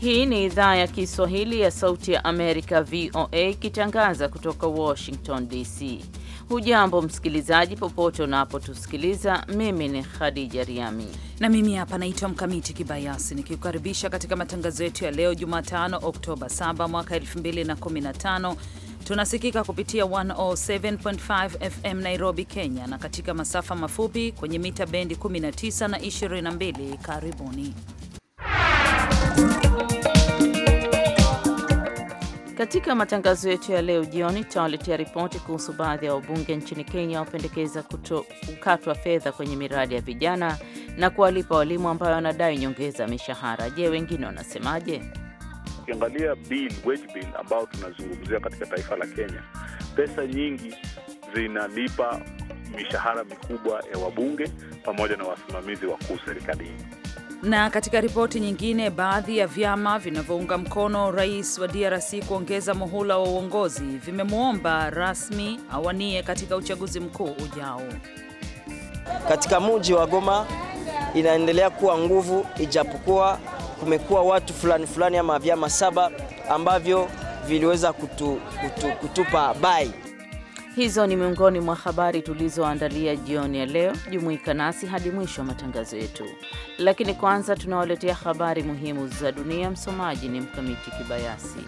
Hii ni idhaa ya Kiswahili ya Sauti ya Amerika, VOA, ikitangaza kutoka Washington DC. Hujambo msikilizaji, popote unapotusikiliza. Mimi ni Khadija Riami na mimi hapa naitwa Mkamiti Kibayasi nikikukaribisha katika matangazo yetu ya leo Jumatano, Oktoba 7 mwaka 2015. Tunasikika kupitia 107.5 FM Nairobi, Kenya, na katika masafa mafupi kwenye mita bendi 19 na 22. Karibuni katika matangazo yetu ya leo jioni, tutawaletea ripoti kuhusu baadhi ya wabunge nchini Kenya wapendekeza kukatwa fedha kwenye miradi ya vijana na kuwalipa walimu ambayo wanadai nyongeza mishahara. Je, wengine wanasemaje? Ukiangalia bill, wage bill ambao tunazungumzia katika taifa la Kenya, pesa nyingi zinalipa mishahara mikubwa ya wabunge pamoja na wasimamizi wakuu serikalini. Na katika ripoti nyingine, baadhi ya vyama vinavyounga mkono rais wa DRC kuongeza muhula wa uongozi vimemwomba rasmi awanie katika uchaguzi mkuu ujao. Katika mji wa Goma inaendelea kuwa nguvu, ijapokuwa kumekuwa watu fulani fulani ama vyama saba ambavyo viliweza kutu, kutu, kutupa bai Hizo ni miongoni mwa habari tulizoandalia jioni ya leo. Jumuika nasi hadi mwisho wa matangazo yetu, lakini kwanza tunawaletea habari muhimu za dunia. Msomaji ni Mkamiti Kibayasi.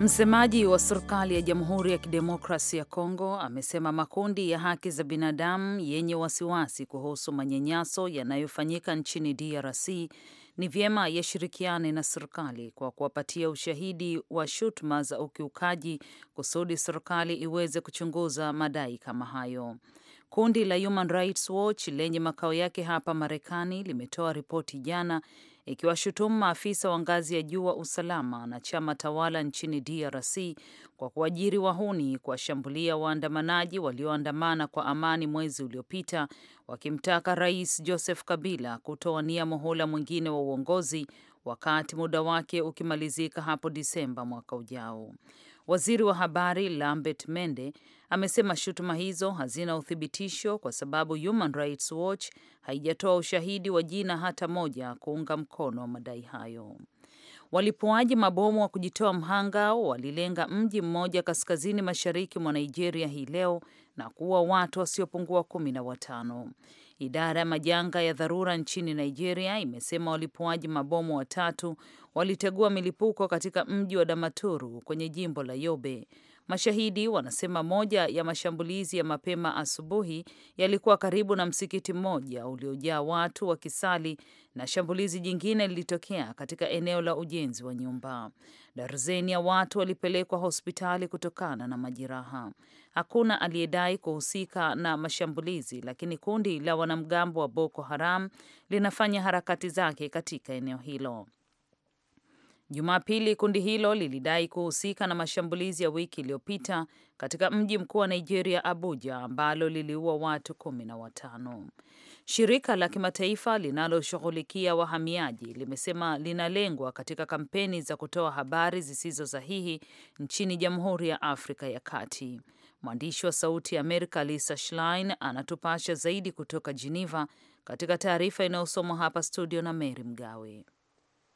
Msemaji wa serikali ya Jamhuri ya Kidemokrasi ya Kongo amesema makundi ya haki za binadamu yenye wasiwasi kuhusu manyanyaso yanayofanyika nchini DRC ni vyema yashirikiane na serikali kwa kuwapatia ushahidi wa shutuma za ukiukaji kusudi serikali iweze kuchunguza madai kama hayo. Kundi la Human Rights Watch lenye makao yake hapa Marekani limetoa ripoti jana ikiwashutumu maafisa wa ngazi ya juu wa usalama na chama tawala nchini DRC kwa kuajiri wahuni kuwashambulia waandamanaji walioandamana kwa amani mwezi uliopita, wakimtaka Rais Joseph Kabila kutoania muhula mwingine wa uongozi wakati muda wake ukimalizika hapo Disemba mwaka ujao. Waziri wa habari Lambert Mende amesema shutuma hizo hazina uthibitisho kwa sababu Human Rights Watch haijatoa ushahidi wa jina hata moja kuunga mkono madai hayo. Walipuaji mabomu wa kujitoa mhanga walilenga mji mmoja kaskazini mashariki mwa Nigeria hii leo na kuua watu wasiopungua kumi na watano. Idara ya majanga ya dharura nchini Nigeria imesema walipuaji mabomu watatu walitegua milipuko katika mji wa Damaturu kwenye jimbo la Yobe Mashahidi wanasema moja ya mashambulizi ya mapema asubuhi yalikuwa karibu na msikiti mmoja uliojaa watu wakisali na shambulizi jingine lilitokea katika eneo la ujenzi wa nyumba. Darzeni ya watu walipelekwa hospitali kutokana na majeraha. Hakuna aliyedai kuhusika na mashambulizi, lakini kundi la wanamgambo wa Boko Haram linafanya harakati zake katika eneo hilo. Jumapili kundi hilo lilidai kuhusika na mashambulizi ya wiki iliyopita katika mji mkuu wa Nigeria, Abuja, ambalo liliua watu kumi na watano. Shirika la kimataifa linaloshughulikia wahamiaji limesema linalengwa katika kampeni za kutoa habari zisizo sahihi nchini Jamhuri ya Afrika ya Kati. Mwandishi wa Sauti ya Amerika Lisa Schlein anatupasha zaidi kutoka Geneva, katika taarifa inayosomwa hapa studio na Mary Mgawe.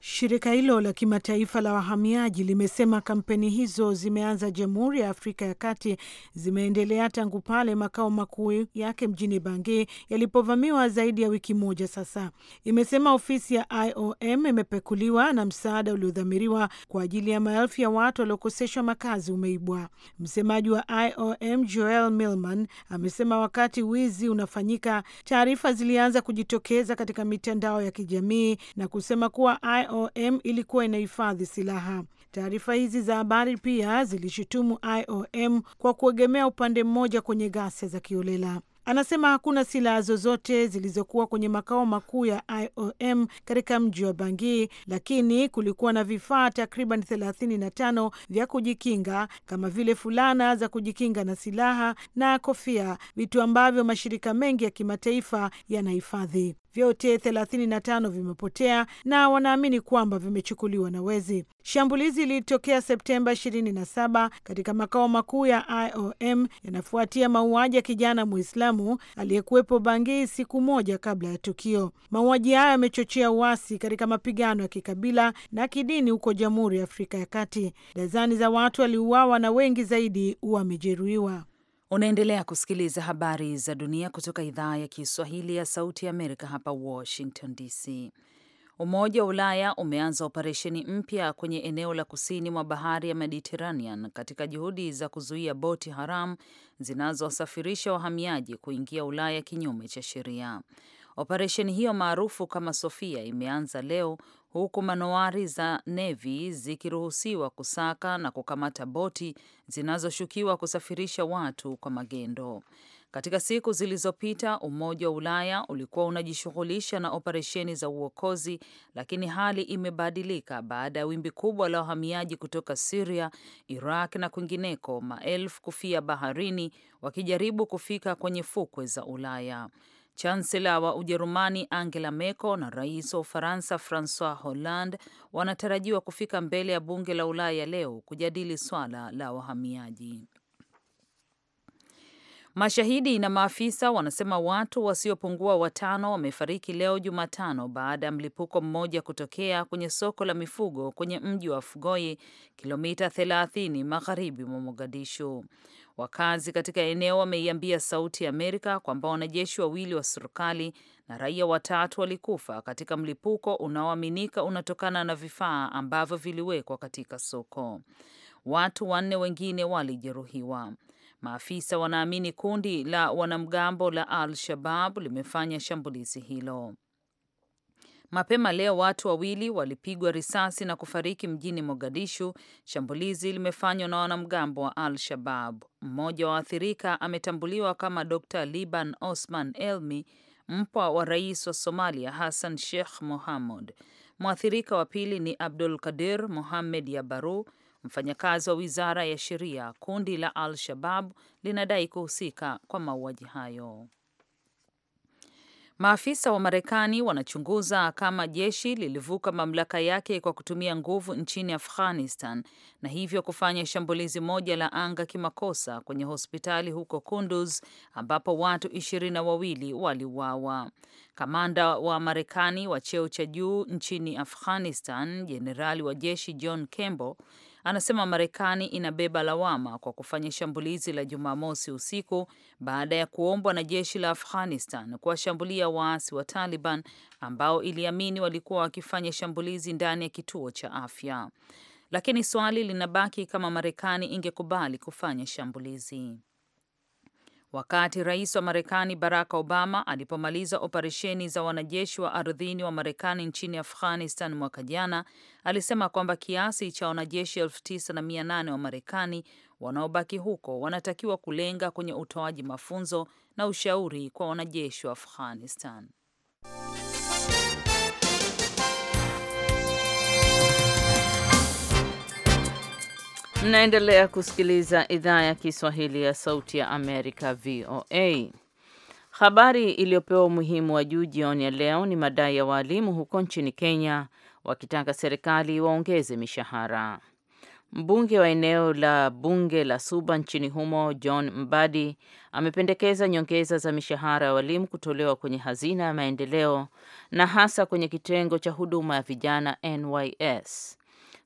Shirika hilo la kimataifa la wahamiaji limesema kampeni hizo zimeanza Jamhuri ya Afrika ya Kati, zimeendelea tangu pale makao makuu yake mjini bangi yalipovamiwa zaidi ya wiki moja sasa. Imesema ofisi ya IOM imepekuliwa na msaada uliodhamiriwa kwa ajili ya maelfu ya watu waliokoseshwa makazi umeibwa. Msemaji wa IOM Joel milman amesema wakati wizi unafanyika, taarifa zilianza kujitokeza katika mitandao ya kijamii na kusema kuwa IOM ilikuwa inahifadhi silaha. Taarifa hizi za habari pia zilishutumu IOM kwa kuegemea upande mmoja kwenye ghasia za kiolela. Anasema hakuna silaha zozote zilizokuwa kwenye makao makuu ya IOM katika mji wa Bangui, lakini kulikuwa na vifaa takriban 35 vya kujikinga kama vile fulana za kujikinga na silaha na kofia, vitu ambavyo mashirika mengi ya kimataifa yanahifadhi. Vyote 35 vimepotea na wanaamini kwamba vimechukuliwa na wezi. Shambulizi lilitokea Septemba 27 katika makao makuu ya IOM, yanafuatia mauaji ya kijana Muislamu Kiislamu aliyekuwepo Bangei siku moja kabla ya tukio. Mauaji hayo yamechochea uasi katika mapigano ya kikabila na kidini huko Jamhuri ya Afrika ya Kati. Dazani za watu waliuawa na wengi zaidi wamejeruhiwa. Unaendelea kusikiliza habari za dunia kutoka idhaa ya Kiswahili ya Sauti ya Amerika hapa Washington DC. Umoja wa Ulaya umeanza operesheni mpya kwenye eneo la kusini mwa bahari ya Mediterranean katika juhudi za kuzuia boti haramu zinazowasafirisha wahamiaji kuingia Ulaya kinyume cha sheria. Operesheni hiyo maarufu kama Sofia imeanza leo huku manowari za nevi zikiruhusiwa kusaka na kukamata boti zinazoshukiwa kusafirisha watu kwa magendo. Katika siku zilizopita, Umoja wa Ulaya ulikuwa unajishughulisha na operesheni za uokozi, lakini hali imebadilika baada ya wimbi kubwa la wahamiaji kutoka Siria, Iraq na kwingineko, maelfu kufia baharini wakijaribu kufika kwenye fukwe za Ulaya. Chansela wa Ujerumani Angela Merkel na rais wa Ufaransa Francois Hollande wanatarajiwa kufika mbele ya bunge la Ulaya leo kujadili swala la wahamiaji. Mashahidi na maafisa wanasema watu wasiopungua watano wamefariki leo Jumatano baada ya mlipuko mmoja kutokea kwenye soko la mifugo kwenye mji wa fugoi kilomita 30 magharibi mwa Mogadishu. Wakazi katika eneo wameiambia Sauti ya Amerika kwamba wanajeshi wawili wa serikali na raia watatu walikufa katika mlipuko unaoaminika unatokana na vifaa ambavyo viliwekwa katika soko. Watu wanne wengine walijeruhiwa. Maafisa wanaamini kundi la wanamgambo la Al-Shabab limefanya shambulizi hilo. Mapema leo watu wawili walipigwa risasi na kufariki mjini Mogadishu. Shambulizi limefanywa na wanamgambo wa Al Shabab. Mmoja wa waathirika ametambuliwa kama Dr Liban Osman Elmi, mpwa wa rais wa Somalia Hassan Sheikh Mohamud. Mwathirika wa pili ni Abdul Kadir Mohamed Yabaru, Mfanyakazi wa wizara ya sheria, kundi la Al-Shabab linadai kuhusika kwa mauaji hayo. Maafisa wa Marekani wanachunguza kama jeshi lilivuka mamlaka yake kwa kutumia nguvu nchini Afghanistan na hivyo kufanya shambulizi moja la anga kimakosa kwenye hospitali huko Kunduz ambapo watu ishirini na wawili waliuawa. Kamanda wa Marekani wa cheo cha juu nchini Afghanistan, jenerali wa jeshi John Campbell anasema Marekani inabeba lawama kwa kufanya shambulizi la Jumamosi usiku baada ya kuombwa na jeshi la Afghanistan kuwashambulia waasi wa Taliban ambao iliamini walikuwa wakifanya shambulizi ndani ya kituo cha afya. Lakini swali linabaki kama Marekani ingekubali kufanya shambulizi wakati rais wa Marekani Barack Obama alipomaliza operesheni za wanajeshi wa ardhini wa Marekani nchini Afghanistan mwaka jana, alisema kwamba kiasi cha wanajeshi elfu tisa na mia nane wa Marekani wanaobaki huko wanatakiwa kulenga kwenye utoaji mafunzo na ushauri kwa wanajeshi wa Afghanistan. Mnaendelea kusikiliza idhaa ya Kiswahili ya Sauti ya Amerika, VOA. Habari iliyopewa umuhimu wa juu jioni ya leo ni madai ya waalimu huko nchini Kenya wakitaka serikali waongeze mishahara. Mbunge wa eneo la bunge la Suba nchini humo John Mbadi amependekeza nyongeza za mishahara ya walimu kutolewa kwenye hazina ya maendeleo na hasa kwenye kitengo cha huduma ya vijana NYS.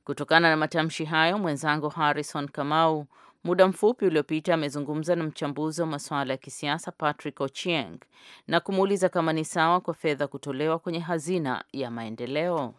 Kutokana na matamshi hayo, mwenzangu Harrison Kamau muda mfupi uliopita amezungumza na mchambuzi wa masuala ya kisiasa Patrick Ochieng na kumuuliza kama ni sawa kwa fedha kutolewa kwenye hazina ya maendeleo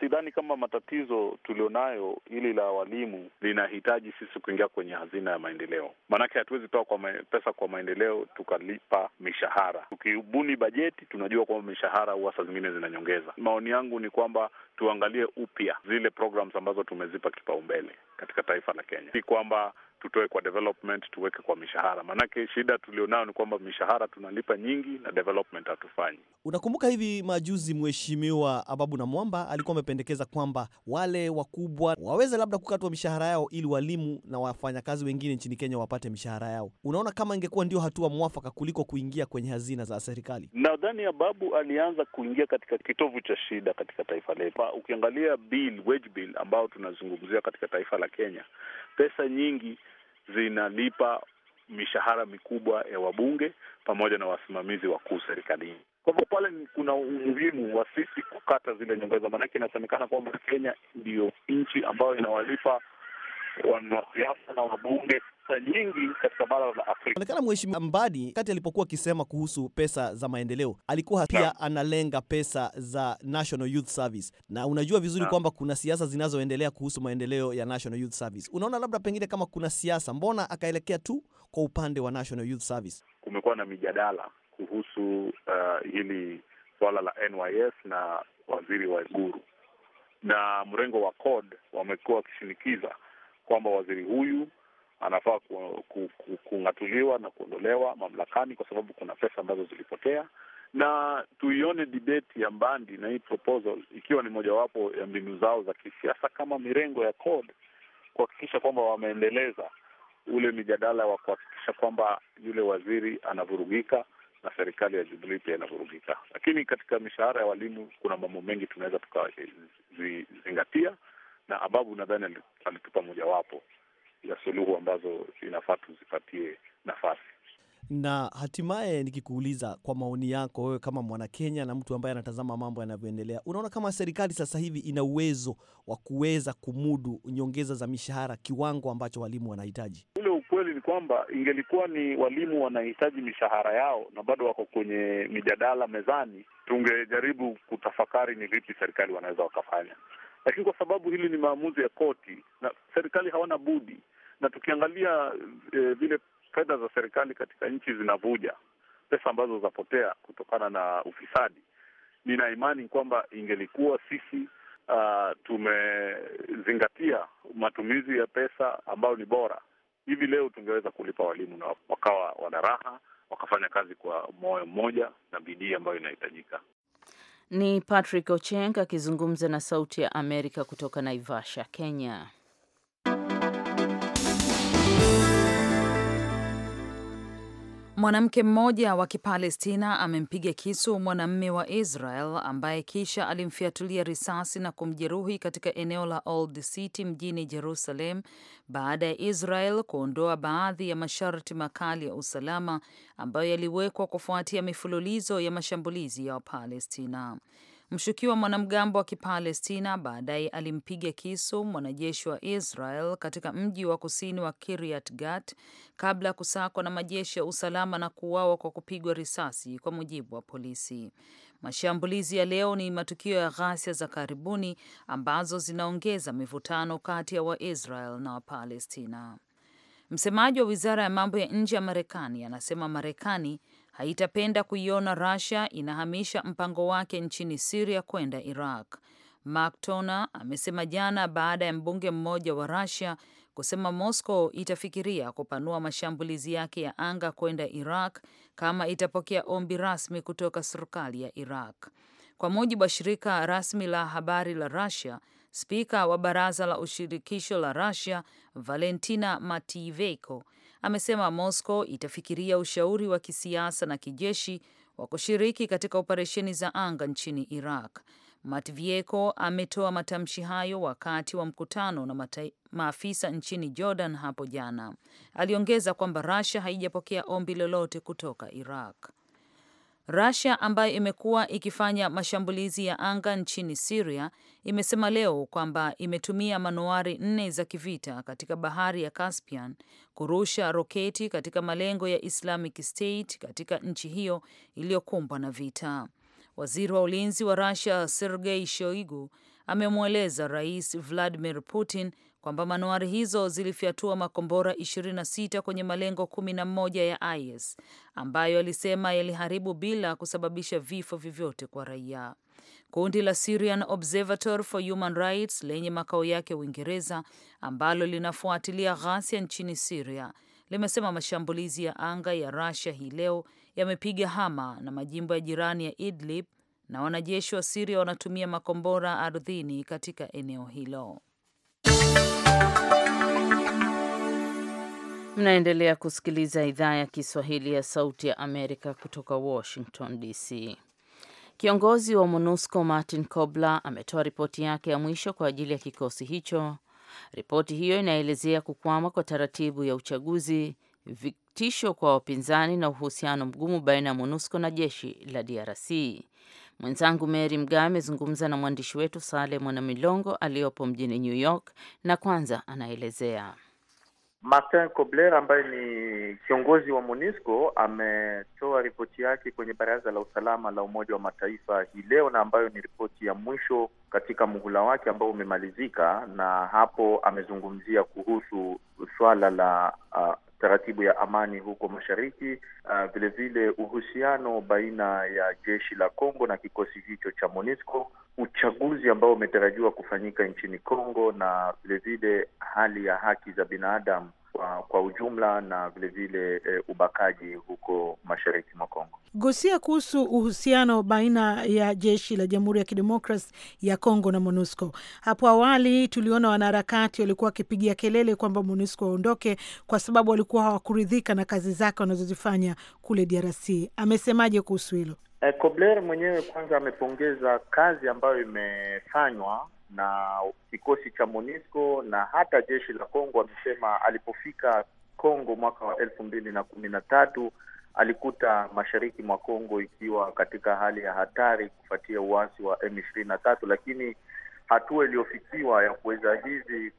sidhani kama matatizo tulionayo hili la walimu linahitaji sisi kuingia kwenye hazina ya maendeleo, maanake hatuwezi toa kwa pesa kwa maendeleo tukalipa mishahara. Tukibuni bajeti, tunajua kwamba mishahara huwa saa zingine zinanyongeza. Maoni yangu ni kwamba tuangalie upya zile programs ambazo tumezipa kipaumbele katika taifa la Kenya, si kwamba tutoe kwa development, tuweke kwa mishahara. Maanake shida tulionayo ni kwamba mishahara tunalipa nyingi na development hatufanyi. Unakumbuka hivi majuzi Mheshimiwa Ababu na Mwamba alikuwa amependekeza kwamba wale wakubwa waweze labda kukatwa mishahara yao ili walimu na wafanyakazi wengine nchini Kenya wapate mishahara yao. Unaona kama ingekuwa ndio hatua mwafaka kuliko kuingia kwenye hazina za serikali? Nadhani Ababu alianza kuingia katika kitovu cha shida katika taifa letu. Ukiangalia bill, wage bill ambayo tunazungumzia katika taifa la Kenya, pesa nyingi zinalipa mishahara mikubwa ya wabunge pamoja na wasimamizi wakuu serikalini. Kwa hivyo pale kuna umuhimu wa sisi kukata zile nyongeza, maanake inasemekana kwamba Kenya ndiyo nchi ambayo inawalipa wanasiasa na wabunge sa nyingi katika bara la Afrika. Inaonekana Mheshimiwa Mbadi kati alipokuwa akisema kuhusu pesa za maendeleo alikuwa pia analenga pesa za National Youth Service, na unajua vizuri kwamba kuna siasa zinazoendelea kuhusu maendeleo ya National Youth Service. Unaona, labda pengine kama kuna siasa, mbona akaelekea tu kwa upande wa National Youth Service? Kumekuwa na mijadala kuhusu uh, hili swala la NYS na waziri wa Guru na mrengo wa CORD wamekuwa wakishinikiza kwamba waziri huyu anafaa kung'atuliwa na kuondolewa mamlakani kwa sababu kuna pesa ambazo zilipotea, na tuione dibeti ya Mbandi na hii proposal ikiwa ni mojawapo ya mbinu zao za kisiasa kama mirengo ya code, kuhakikisha kwamba wameendeleza ule mijadala wa kuhakikisha kwamba yule waziri anavurugika na serikali ya jubilii pia inavurugika. Lakini katika mishahara ya walimu kuna mambo mengi tunaweza tukazingatia na Ababu nadhani alitupa mojawapo ya suluhu ambazo inafaa tuzipatie nafasi. Na hatimaye nikikuuliza, kwa maoni yako wewe kama Mwanakenya na mtu ambaye anatazama mambo yanavyoendelea, unaona kama serikali sasa hivi ina uwezo wa kuweza kumudu nyongeza za mishahara kiwango ambacho walimu wanahitaji? Ule ukweli ni kwamba ingelikuwa ni walimu wanahitaji mishahara yao na bado wako kwenye mijadala mezani, tungejaribu kutafakari ni vipi serikali wanaweza wakafanya lakini kwa sababu hili ni maamuzi ya koti na serikali hawana budi, na tukiangalia e, vile fedha za serikali katika nchi zinavuja, pesa ambazo zapotea kutokana na ufisadi, nina imani kwamba ingelikuwa sisi Uh, tumezingatia matumizi ya pesa ambayo ni bora, hivi leo tungeweza kulipa walimu na wakawa wana raha, wakafanya kazi kwa moyo mmoja na bidii ambayo inahitajika. Ni Patrick Ocheng akizungumza na Sauti ya Amerika kutoka Naivasha, Kenya. Mwanamke mmoja wa Kipalestina amempiga kisu mwanamme wa Israel ambaye kisha alimfiatulia risasi na kumjeruhi katika eneo la Old City mjini Jerusalem baada ya Israel kuondoa baadhi ya masharti makali ya usalama ambayo yaliwekwa kufuatia mifululizo ya mashambulizi ya Wapalestina. Mshukiwa mwanamgambo wa Kipalestina baadaye alimpiga kisu mwanajeshi wa Israel katika mji wa kusini wa Kiryat Gat kabla ya kusakwa na majeshi ya usalama na kuuawa kwa kupigwa risasi, kwa mujibu wa polisi. Mashambulizi ya leo ni matukio ya ghasia za karibuni ambazo zinaongeza mivutano kati ya Waisrael na Wapalestina. Msemaji wa wizara ya mambo ya nje ya Marekani anasema Marekani haitapenda kuiona Russia inahamisha mpango wake nchini Syria kwenda Iraq. Mark Toner amesema jana baada ya mbunge mmoja wa Russia kusema Moscow itafikiria kupanua mashambulizi yake ya anga kwenda Iraq kama itapokea ombi rasmi kutoka serikali ya Iraq. Kwa mujibu wa shirika rasmi la habari la Russia, spika wa baraza la ushirikisho la Russia Valentina Matviyenko amesema Moscow itafikiria ushauri wa kisiasa na kijeshi wa kushiriki katika operesheni za anga nchini Iraq. Matvieko ametoa matamshi hayo wakati wa mkutano na maafisa nchini Jordan hapo jana. Aliongeza kwamba Russia haijapokea ombi lolote kutoka Iraq. Russia ambayo imekuwa ikifanya mashambulizi ya anga nchini Syria imesema leo kwamba imetumia manowari nne za kivita katika bahari ya Caspian kurusha roketi katika malengo ya Islamic State katika nchi hiyo iliyokumbwa na vita. Waziri wa ulinzi wa Russia Sergei Shoigu amemweleza Rais Vladimir Putin kwamba manuari hizo zilifyatua makombora 26 kwenye malengo 11 ya IS ambayo alisema yaliharibu bila kusababisha vifo vyovyote kwa raia. Kundi la Syrian Observatory for Human Rights lenye makao yake Uingereza, ambalo linafuatilia ghasia nchini Syria, limesema mashambulizi ya anga ya Russia hii leo yamepiga Hama na majimbo ya jirani ya Idlib na wanajeshi wa Syria wanatumia makombora ardhini katika eneo hilo. Mnaendelea kusikiliza idhaa ya Kiswahili ya Sauti ya Amerika kutoka Washington DC. Kiongozi wa MONUSCO Martin Kobler ametoa ripoti yake ya mwisho kwa ajili ya kikosi hicho. Ripoti hiyo inaelezea kukwama kwa taratibu ya uchaguzi, vitisho kwa wapinzani na uhusiano mgumu baina ya MONUSCO na jeshi la DRC. Mwenzangu Mary Mgawe amezungumza na mwandishi wetu Sale Mwanamilongo aliyopo mjini New York na kwanza anaelezea Martin Kobler ambaye ni kiongozi wa MONUSCO ametoa ripoti yake kwenye Baraza la Usalama la Umoja wa Mataifa hii leo, na ambayo ni ripoti ya mwisho katika muhula wake ambao umemalizika, na hapo amezungumzia kuhusu swala la uh, taratibu ya amani huko mashariki, vilevile uh, vile uhusiano baina ya jeshi la Kongo na kikosi hicho cha MONUSCO uchaguzi ambao umetarajiwa kufanyika nchini Kongo na vilevile hali ya haki za binadamu kwa, kwa ujumla na vilevile e, eh, ubakaji huko mashariki mwa Kongo. Gusia kuhusu uhusiano baina ya jeshi la Jamhuri ya Kidemokrasi ya Kongo na MONUSCO. Hapo awali tuliona wanaharakati walikuwa wakipigia kelele kwamba MONUSCO waondoke kwa sababu walikuwa hawakuridhika na kazi zake wanazozifanya kule DRC. Amesemaje kuhusu hilo? Eh, Kobler mwenyewe kwanza amepongeza kazi ambayo imefanywa na kikosi cha MONUSCO na hata jeshi la Kongo. Amesema alipofika Kongo mwaka wa elfu mbili na kumi na tatu alikuta mashariki mwa Kongo ikiwa katika hali ya hatari kufuatia uasi wa M23, lakini hatua iliyofikiwa ya kuweza hivi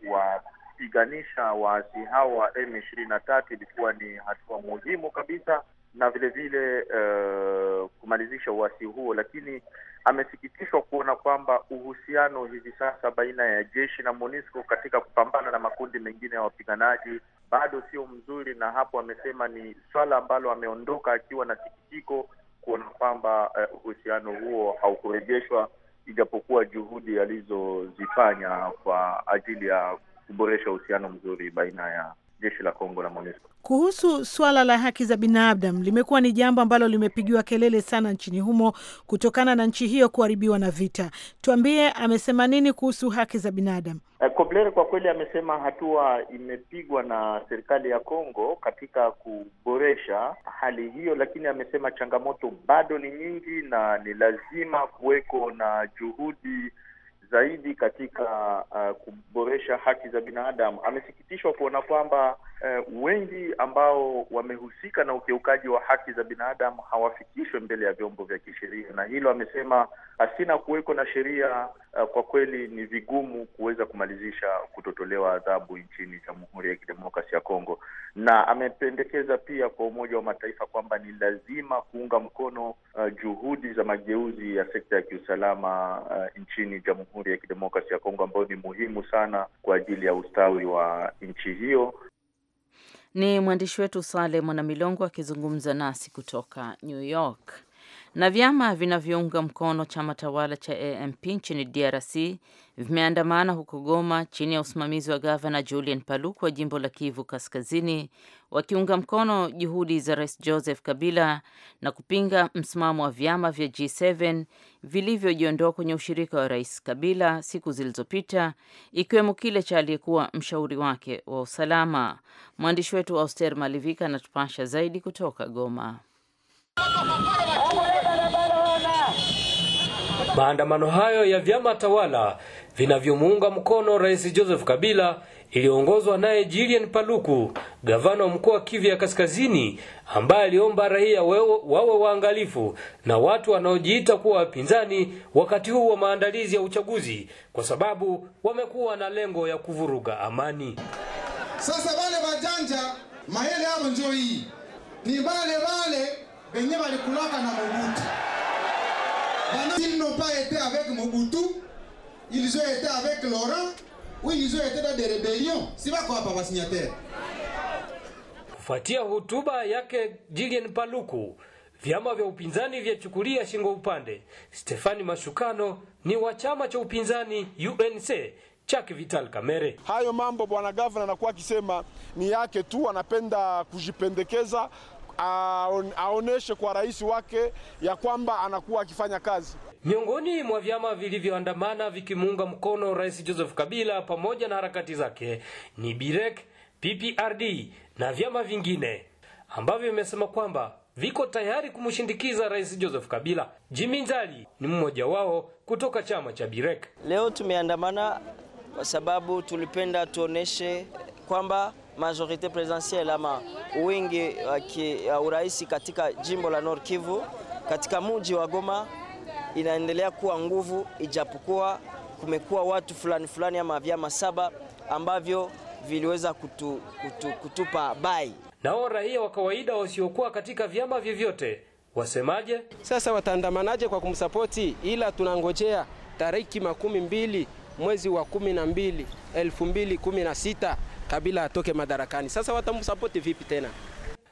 kuwapiganisha waasi hao wa M23 ilikuwa ni hatua muhimu kabisa na vile vile uh, kumalizisha uasi huo, lakini amesikitishwa kuona kwamba uhusiano hivi sasa baina ya jeshi na MONUSCO katika kupambana na makundi mengine ya wapiganaji bado sio mzuri, na hapo amesema ni swala ambalo ameondoka akiwa na sikitiko kuona kwamba eh, uhusiano huo haukurejeshwa, ijapokuwa juhudi alizozifanya kwa ajili ya kuboresha uhusiano mzuri baina ya jeshi la Kongo la MONUSCO. Kuhusu suala la haki za binadamu, limekuwa ni jambo ambalo limepigiwa kelele sana nchini humo kutokana na nchi hiyo kuharibiwa na vita. Tuambie, amesema nini kuhusu haki za binadamu? Eh, Kobler kwa kweli amesema hatua imepigwa na serikali ya Kongo katika kuboresha hali hiyo, lakini amesema changamoto bado ni nyingi na ni lazima kuweko na juhudi zaidi katika uh, kuboresha haki za binadamu. Amesikitishwa kuona kwamba eh, wengi ambao wamehusika na ukiukaji wa haki za binadamu hawafikishwe mbele ya vyombo vya kisheria, na hilo amesema asina kuweko na sheria eh, kwa kweli ni vigumu kuweza kumalizisha kutotolewa adhabu nchini Jamhuri ya Kidemokrasia ya Kongo, na amependekeza pia kwa Umoja wa Mataifa kwamba ni lazima kuunga mkono eh, juhudi za mageuzi ya sekta ya kiusalama eh, nchini Jamhuri ya Kidemokrasia ya Kongo ambayo ni muhimu sana kwa ajili ya ustawi wa nchi hiyo. Ni mwandishi wetu Sale Mwanamilongo akizungumza nasi kutoka New York. Na vyama vinavyounga mkono chama tawala cha AMP nchini DRC vimeandamana huko Goma chini ya usimamizi wa gavana Julian Paluku wa jimbo la Kivu Kaskazini, wakiunga mkono juhudi za Rais Joseph Kabila na kupinga msimamo wa vyama vya G7 vilivyojiondoa kwenye ushirika wa Rais Kabila siku zilizopita, ikiwemo kile cha aliyekuwa mshauri wake wa usalama. Mwandishi wetu Auster Malivika anatupasha zaidi kutoka Goma. Maandamano hayo ya vyama tawala vinavyomuunga mkono Rais Joseph Kabila iliongozwa naye Julian Paluku, gavana wa mkoa wa Kivu ya Kaskazini, ambaye aliomba raia wawe waangalifu na watu wanaojiita kuwa wapinzani wakati huu wa maandalizi ya uchaguzi, kwa sababu wamekuwa na lengo ya kuvuruga amani. Sasa wale wajanja mahele yavo njoo hii ni wale wale wenye walikulaka na Mobutu Pendant qu'ils n'ont pas été avec Mobutu, ils ont été avec Laurent, ou ils ont été dans des rébellions. C'est pas quoi, papa signataire Kufuatia hotuba yake Julien Paluku, vyama vya upinzani vyachukulia shingo upande. Stefani Mashukano ni wa chama cha upinzani UNC chake Vital Kamere. Hayo mambo bwana gavana anakuwa akisema ni yake tu, anapenda kujipendekeza aoneshe kwa rais wake ya kwamba anakuwa akifanya kazi. Miongoni mwa vyama vilivyoandamana vikimuunga mkono Rais Joseph Kabila pamoja na harakati zake ni Birek, PPRD na vyama vingine ambavyo vimesema kwamba viko tayari kumshindikiza Rais Joseph Kabila. Jimmy Nzali ni mmoja wao kutoka chama cha Birek. Leo tumeandamana kwa sababu tulipenda tuoneshe kwamba majorite presidentielle ama wingi wa urais katika jimbo la North Kivu katika mji wa Goma inaendelea kuwa nguvu, ijapokuwa kumekuwa watu fulani fulani ama vyama saba ambavyo viliweza kutu, kutu, kutupa bai. Nao raia wa kawaida wasiokuwa katika vyama vyovyote wasemaje? Sasa wataandamanaje kwa kumsapoti? Ila tunangojea tariki makumi mbili mwezi wa kumi na mbili elfu mbili kumi na sita Kabila atoke madarakani. Sasa watamsapoti vipi tena?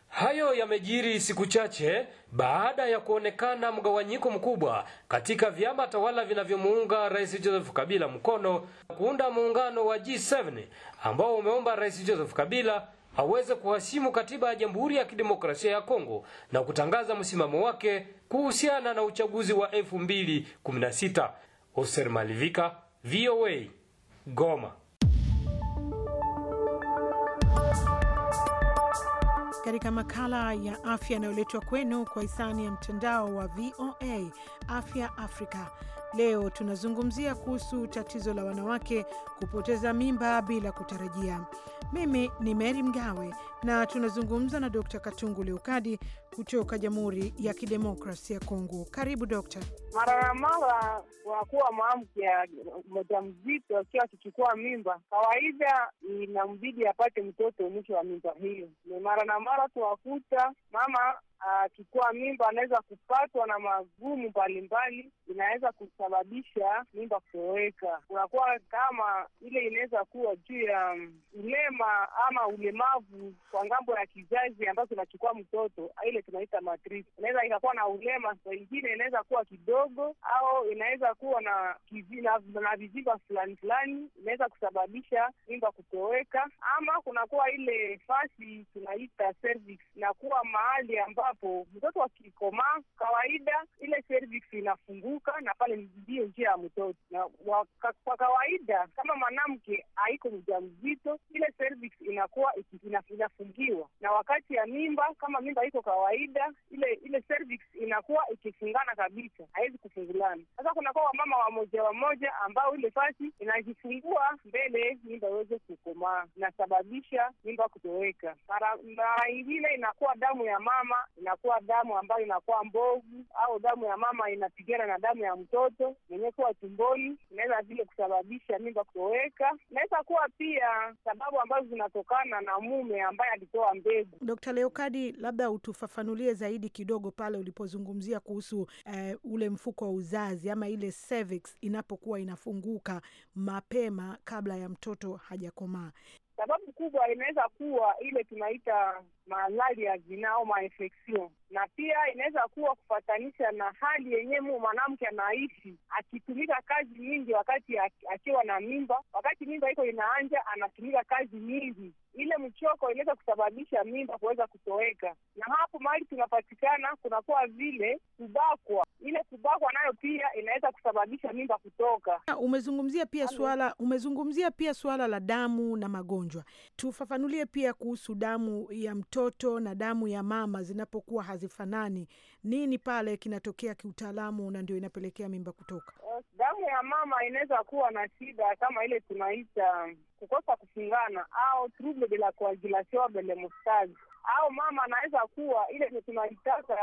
Hayo yamejiri siku chache baada ya kuonekana mgawanyiko mkubwa katika vyama tawala vinavyomuunga Rais Joseph Kabila mkono kuunda muungano wa G7 ambao umeomba Rais Joseph Kabila aweze kuheshimu katiba ya Jamhuri ya Kidemokrasia ya Kongo na kutangaza msimamo wake kuhusiana na uchaguzi wa 2016. Oser Malivika, VOA, Goma. Katika makala ya afya yanayoletwa kwenu kwa hisani ya mtandao wa VOA Afya Afrika, leo tunazungumzia kuhusu tatizo la wanawake kupoteza mimba bila kutarajia. Mimi ni Meri Mgawe na tunazungumza na Dr. Katungu Leukadi kutoka Jamhuri ya Kidemokrasia ya Kongo. Karibu dokta. Mara na mara wakuwa moja mjamzito akiwa akichukua mimba, kawaida inambidi apate mtoto mwisho wa mimba hiyo. Ni mara na mara tuwakuta mama akikuwa mimba anaweza kupatwa na magumu mbalimbali, inaweza kusababisha mimba kutoweka. Kunakuwa kama ile inaweza kuwa juu ya ulema ama ulemavu kwa ngambo ya kizazi ambazo inachukua mtoto, ile tunaita matrice. Inaweza ikakuwa na ulema saa ingine, inaweza kuwa kidogo au inaweza kuwa na kizina, na viziba fulani fulani, inaweza kusababisha mimba kutoweka, ama kunakuwa ile fasi tunaita cervix, inakuwa mahali ambapo mtoto akikomaa kawaida ile cervix inafunguka, na pale ndiyo njia ya mtoto. Na kwa kawaida kama mwanamke haiko mjamzito, ile cervix inakuwa inafungiwa, na wakati ya mimba, kama mimba iko kawaida kawaida, ile ile cervix inakuwa ikifungana kabisa, haiwezi kufungulana. Sasa kunakuwa wamama wamoja wamoja ambao ile fasi inajifungua mbele mimba iweze kukomaa, inasababisha mimba kutoweka. Mara mara ingine inakuwa damu ya mama inakuwa damu ambayo inakuwa mbovu, au damu ya mama inapigana na damu ya mtoto mwenye kuwa tumboni, inaweza vile kusababisha mimba kutoweka. Inaweza kuwa pia sababu ambazo zinatokana na mume ambaye alitoa mbegu. Dkt. Leokadi, labda utufafanulie tufafanulie zaidi kidogo pale ulipozungumzia kuhusu eh, ule mfuko wa uzazi ama ile cervix inapokuwa inafunguka mapema kabla ya mtoto hajakomaa. Sababu kubwa inaweza kuwa ile tunaita malaria ya zinaa au mainfection, na pia inaweza kuwa kufatanisha na hali yenyewe mu mwanamke anaishi, akitumika kazi nyingi wakati akiwa na mimba. Wakati mimba iko inaanja, anatumika kazi nyingi, ile mchoko inaweza kusababisha mimba kuweza kutoweka, na hapo mahali tunapatikana kunakuwa vile kubakwa, ile kubakwa pia inaweza kusababisha mimba kutoka. Umezungumzia pia swala umezungumzia pia swala la damu na magonjwa. Tufafanulie pia kuhusu damu ya mtoto na damu ya mama zinapokuwa hazifanani, nini pale kinatokea kiutaalamu na ndio inapelekea mimba kutoka? Eh, damu ya mama inaweza kuwa na shida kama ile tunaita kukosa kufungana au trouble de la coagulation de l'hémostase au mama anaweza kuwa ile tunaitaka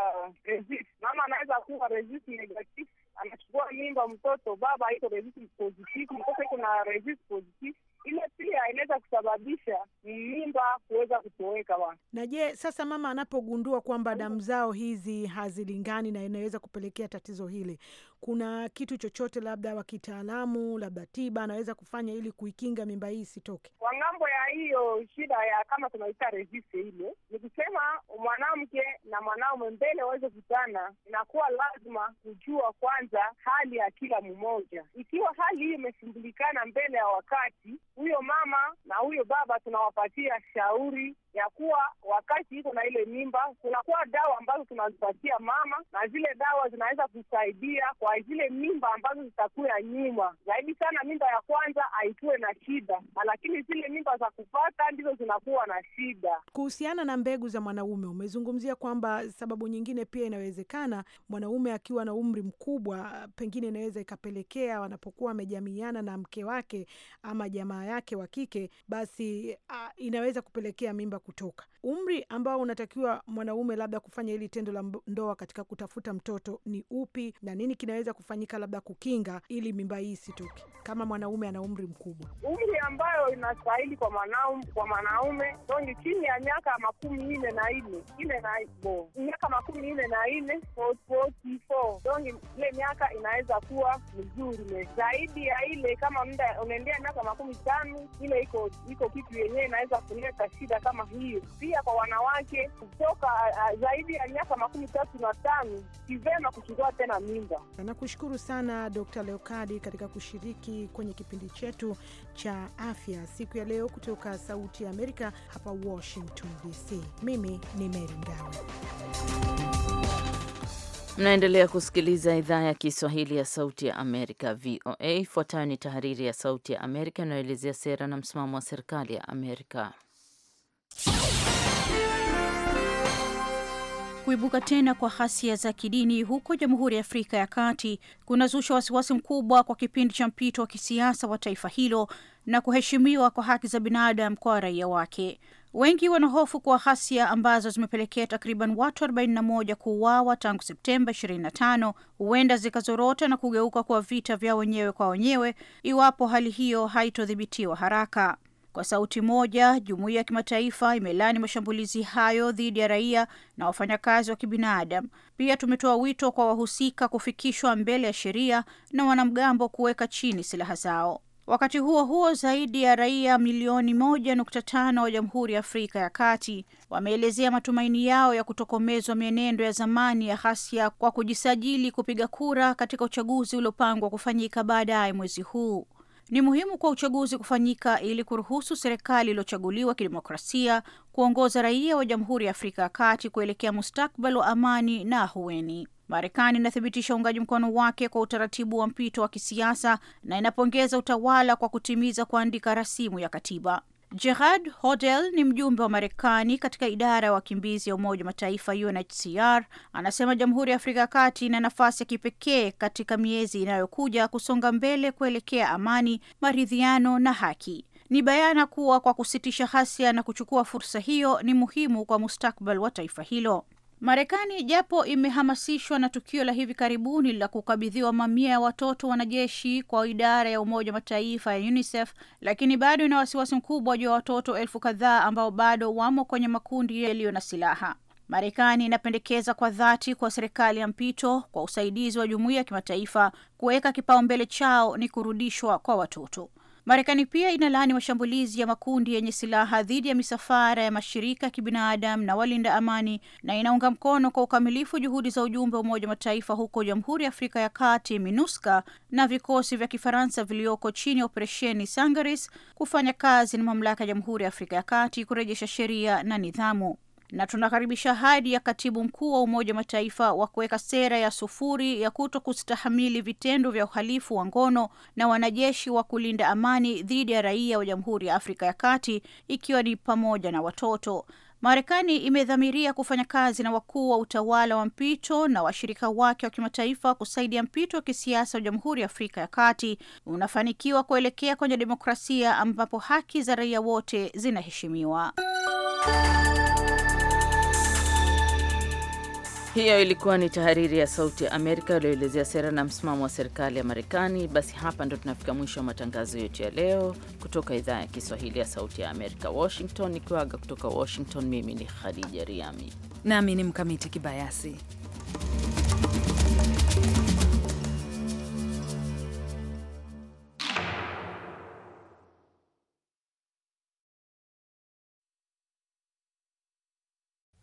resist. Mama anaweza kuwa resist negative anachukua mimba mtoto, baba iko resist positif mtoto iko na resist positif ile pia inaweza kusababisha mimba kuweza kutoweka wa Na je, sasa mama anapogundua kwamba damu zao hizi hazilingani na inaweza kupelekea tatizo hili, kuna kitu chochote labda wa kitaalamu labda tiba anaweza kufanya ili kuikinga mimba hii isitoke? Kwa ng'ambo ya hiyo shida ya kama tunaita revise, ile ni kusema mwanamke na mwanaume mbele waweze kutana, inakuwa lazima kujua kwanza hali ya kila mmoja. Ikiwa hali hii imeshughulikana mbele ya wakati, huyo mama na huyo baba tunawapatia shauri ya kuwa wakati iko na ile mimba, kunakuwa dawa ambazo tunazipatia mama, na zile dawa zinaweza kusaidia kwa zile mimba ambazo zitakuya nyuma zaidi sana. Mimba ya kwanza haikuwe na shida, lakini zile mimba za kupata ndizo zinakuwa na shida. Kuhusiana na mbegu za mwanaume, umezungumzia kwamba sababu nyingine pia inawezekana mwanaume akiwa na umri mkubwa, pengine inaweza ikapelekea wanapokuwa wamejamiana na mke wake ama jamaa yake wa kike, basi a, inaweza kupelekea mimba kutoka. Umri ambao unatakiwa mwanaume labda kufanya hili tendo la ndoa katika kutafuta mtoto ni upi, na nini kinaweza kufanyika labda kukinga ili mimba hii isitoke, kama mwanaume ana umri mkubwa? Umri ambayo inastahili kwa mwanaume kwa mwanaume ni chini ya miaka makumi nne na nne ile na miaka makumi nne na nne dongi, ile miaka inaweza kuwa mzuri zaidi ya ile. Kama muda unaendea miaka makumi tano, ile iko iko kitu yenyewe inaweza kuleta shida kama hiyo. Pia kwa wanawake kutoka ah, ah, zaidi ya miaka makumi tatu na tano si vema kuchukua tena mimba. Nakushukuru sana Dr. Leokadi katika kushiriki kwenye kipindi chetu cha afya siku ya leo kutoka Sauti ya Amerika hapa Washington DC. Mimi ni Meri Mgawe. Mnaendelea kusikiliza idhaa ya Kiswahili ya Sauti ya Amerika, VOA. Ifuatayo ni tahariri ya Sauti ya Amerika inayoelezea sera na msimamo wa serikali ya Amerika. Kuibuka tena kwa ghasia za kidini huko Jamhuri ya Afrika ya Kati kunazusha wasiwasi mkubwa kwa kipindi cha mpito wa kisiasa wa taifa hilo na kuheshimiwa kwa haki za binadamu kwa raia wake. Wengi wanahofu kwa ghasia ambazo zimepelekea takriban watu 41 kuuawa tangu Septemba 25 huenda zikazorota na kugeuka kwa vita vya wenyewe kwa wenyewe iwapo hali hiyo haitodhibitiwa haraka. Kwa sauti moja, jumuiya ya kimataifa imelani mashambulizi hayo dhidi ya raia na wafanyakazi wa kibinadamu. Pia tumetoa wito kwa wahusika kufikishwa mbele ya sheria na wanamgambo kuweka chini silaha zao. Wakati huo huo, zaidi ya raia milioni moja nukta tano wa Jamhuri ya Afrika ya Kati wameelezea matumaini yao ya kutokomezwa mienendo ya zamani ya ghasia kwa kujisajili kupiga kura katika uchaguzi uliopangwa kufanyika baadaye mwezi huu. Ni muhimu kwa uchaguzi kufanyika ili kuruhusu serikali iliyochaguliwa kidemokrasia kuongoza raia wa Jamhuri ya Afrika ya Kati kuelekea mustakbal wa amani na ahueni. Marekani inathibitisha uungaji mkono wake kwa utaratibu wa mpito wa kisiasa na inapongeza utawala kwa kutimiza kuandika rasimu ya katiba. Gerard Hodel ni mjumbe wa Marekani katika idara ya wakimbizi ya Umoja wa Mataifa, UNHCR, anasema Jamhuri ya Afrika ya Kati ina nafasi ya kipekee katika miezi inayokuja kusonga mbele kuelekea amani, maridhiano na haki. Ni bayana kuwa kwa kusitisha ghasia na kuchukua fursa hiyo ni muhimu kwa mustakbal wa taifa hilo. Marekani japo imehamasishwa na tukio la hivi karibuni la kukabidhiwa mamia ya watoto wanajeshi kwa idara ya Umoja wa Mataifa ya UNICEF, lakini bado ina wasiwasi mkubwa juu ya watoto elfu kadhaa ambao bado wamo kwenye makundi yaliyo na silaha. Marekani inapendekeza kwa dhati kwa serikali ya mpito kwa usaidizi wa jumuiya ya kimataifa kuweka kipaumbele chao ni kurudishwa kwa watoto. Marekani pia inalaani mashambulizi ya makundi yenye silaha dhidi ya misafara ya mashirika ya kibinadamu na walinda amani na inaunga mkono kwa ukamilifu juhudi za ujumbe wa Umoja Mataifa huko Jamhuri ya Afrika ya Kati, MINUSCA, na vikosi vya Kifaransa vilioko chini ya operesheni Sangaris kufanya kazi na mamlaka ya Jamhuri ya Afrika ya Kati kurejesha sheria na nidhamu na tunakaribisha hadi ya katibu mkuu wa Umoja wa Mataifa wa kuweka sera ya sufuri ya kuto kustahamili vitendo vya uhalifu wa ngono na wanajeshi wa kulinda amani dhidi ya raia wa Jamhuri ya Afrika ya Kati, ikiwa ni pamoja na watoto. Marekani imedhamiria kufanya kazi na wakuu wa utawala wa mpito na washirika wake wa kimataifa kusaidia mpito wa kisiasa wa Jamhuri ya Afrika ya Kati unafanikiwa kuelekea kwenye demokrasia ambapo haki za raia wote zinaheshimiwa. Hiyo ilikuwa ni tahariri ya Sauti ya Amerika iliyoelezea sera na msimamo wa serikali ya Marekani. Basi hapa ndo tunafika mwisho wa matangazo yetu ya leo kutoka idhaa ya Kiswahili ya Sauti ya Amerika, Washington. Nikiwaga kutoka Washington, mimi ni Khadija Riami nami ni Mkamiti Kibayasi.